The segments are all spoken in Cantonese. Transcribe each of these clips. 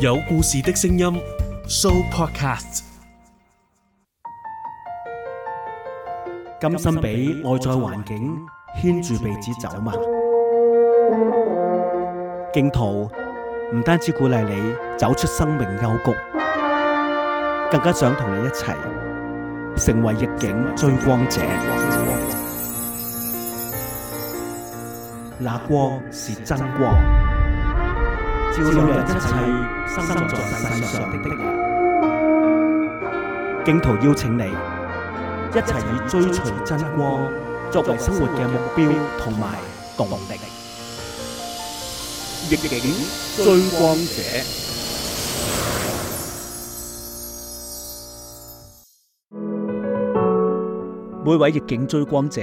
有故事的聲音，Sooopodcast。甘心俾外在環境牽住鼻子走嘛？荊徒唔單止鼓勵你走出生命幽谷，更加想同你一齊成為逆境追光者。那光是真光。照亮一切生在世上的的人，荊徒邀請你一齊以追隨真光作為生活嘅目標同埋動力。逆境追光者，每位逆境追光者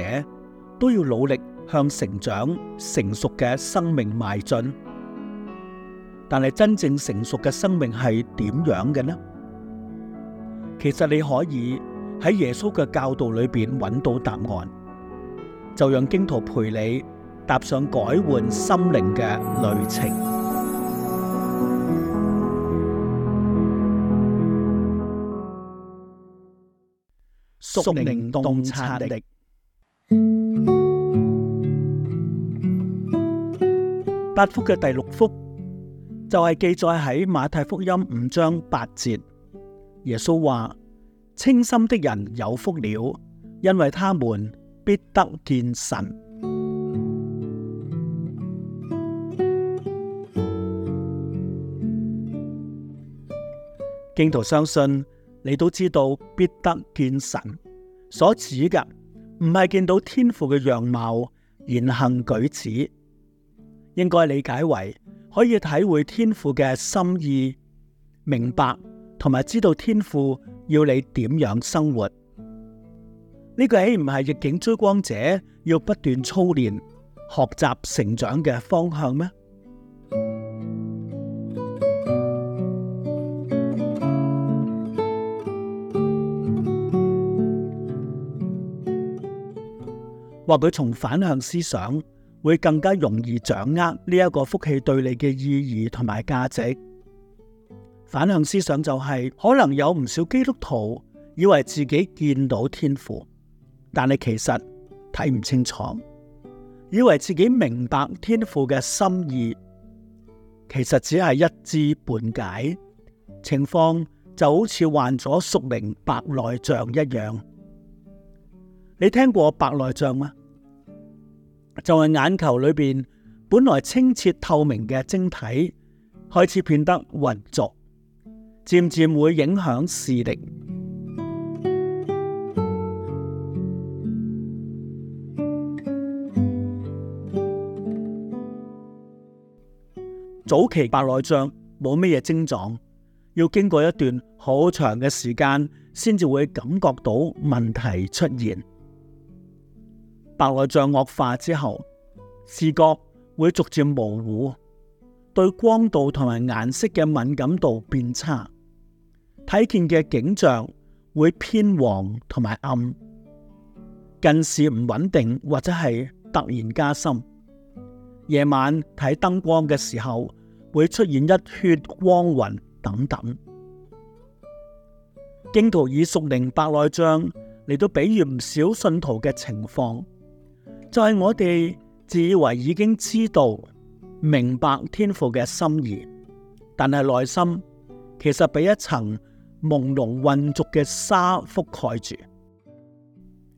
都要努力向成長成熟嘅生命邁進。但係真正成熟嘅生命係點樣嘅呢？其實你可以喺耶穌嘅教導裏邊揾到答案，就讓荊徒陪你踏上改換心靈嘅旅程。屬靈洞察力，八福嘅第六福。就係、是、記載喺馬太福音五章八節，耶穌話：清心的人有福了，因為他們必得見神。荊徒相信你都知道，必得見神所指嘅唔係見到天父嘅樣貌言行舉止，應該理解為。可以體會天父嘅心意，明白同埋知道天父要你點樣生活，呢個豈唔係逆境追光者要不斷操練、學習、成長嘅方向咩？或佢從反向思想？會更加容易掌握呢一個福氣對你嘅意義同埋價值。反向思想就係、是、可能有唔少基督徒以為自己見到天父，但你其實睇唔清楚，以為自己明白天父嘅心意，其實只係一知半解。情況就好似患咗屬靈白內障一樣。你聽過白內障嗎？就係、是、眼球裏邊本來清澈透明嘅晶體開始變得渾濁，漸漸會影響視力。早期白內障冇咩嘢症狀，要經過一段好長嘅時間，先至會感覺到問題出現。白內障惡化之後，視覺會逐漸模糊，對光度同埋顏色嘅敏感度變差，睇見嘅景象會偏黃同埋暗，近視唔穩定或者係突然加深，夜晚睇燈光嘅時候會出現一血光暈等等。荊徒以熟齡白內障嚟到比喻唔少信徒嘅情況。就係我哋自以為已經知道明白天父嘅心意，但係內心其實被一層朦朧混濁嘅沙覆蓋住，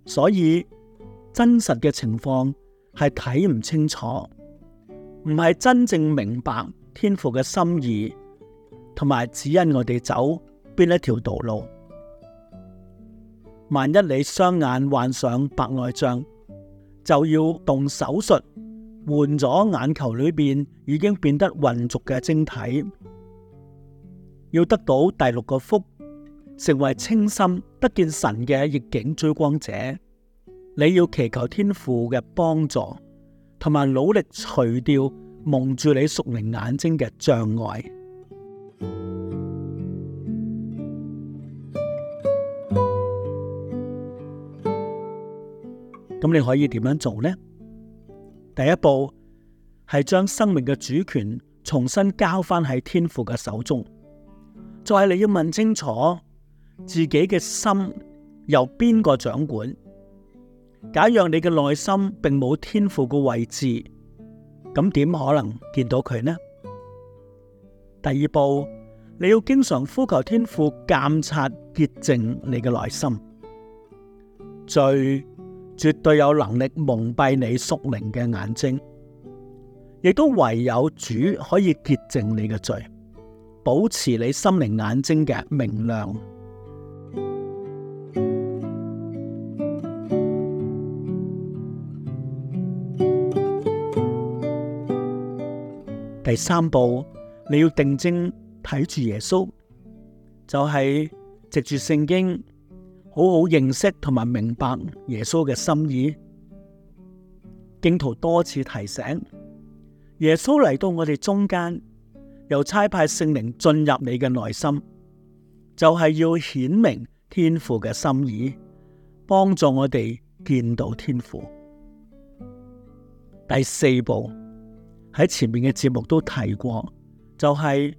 所以真實嘅情況係睇唔清楚，唔係真正明白天父嘅心意，同埋指引我哋走邊一條道路。萬一你雙眼患上白內障。就要動手術換咗眼球裏邊已經變得渾濁嘅晶體，要得到第六個福，成為清心得見神嘅逆境追光者，你要祈求天父嘅幫助，同埋努力除掉蒙住你屬靈眼睛嘅障礙。咁你可以點樣做呢？第一步係將生命嘅主權重新交翻喺天父嘅手中，再係你要問清楚自己嘅心由邊個掌管。假若你嘅內心並冇天父嘅位置，咁點可能見到佢呢？第二步，你要經常呼求天父監察潔淨你嘅內心，最絕對有能力蒙蔽你屬靈嘅眼睛，亦都唯有主可以潔淨你嘅罪，保持你心靈眼睛嘅明亮。第三步，你要定睛睇住耶穌，就喺藉住聖經。好好認識同埋明白耶穌嘅心意，荊徒多次提醒，耶穌嚟到我哋中間，由差派聖靈進入你嘅內心，就係要顯明天父嘅心意，幫助我哋見到天父。第四步喺前面嘅節目都提過，就係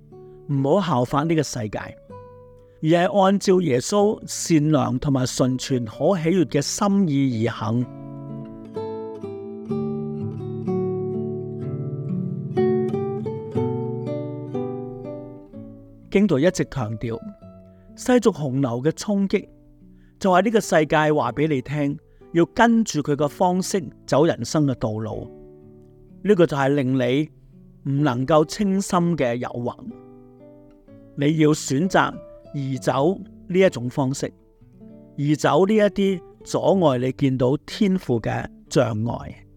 唔好效法呢個世界。而係按照耶穌善良同埋純全、可喜悅嘅心意而行。經台一直強調世俗洪流嘅衝擊，就係呢個世界話俾你聽，要跟住佢嘅方式走人生嘅道路。呢、這個就係令你唔能夠清心嘅誘惑，你要選擇。移走呢一種方式，移走呢一啲阻礙你見到天父嘅障礙。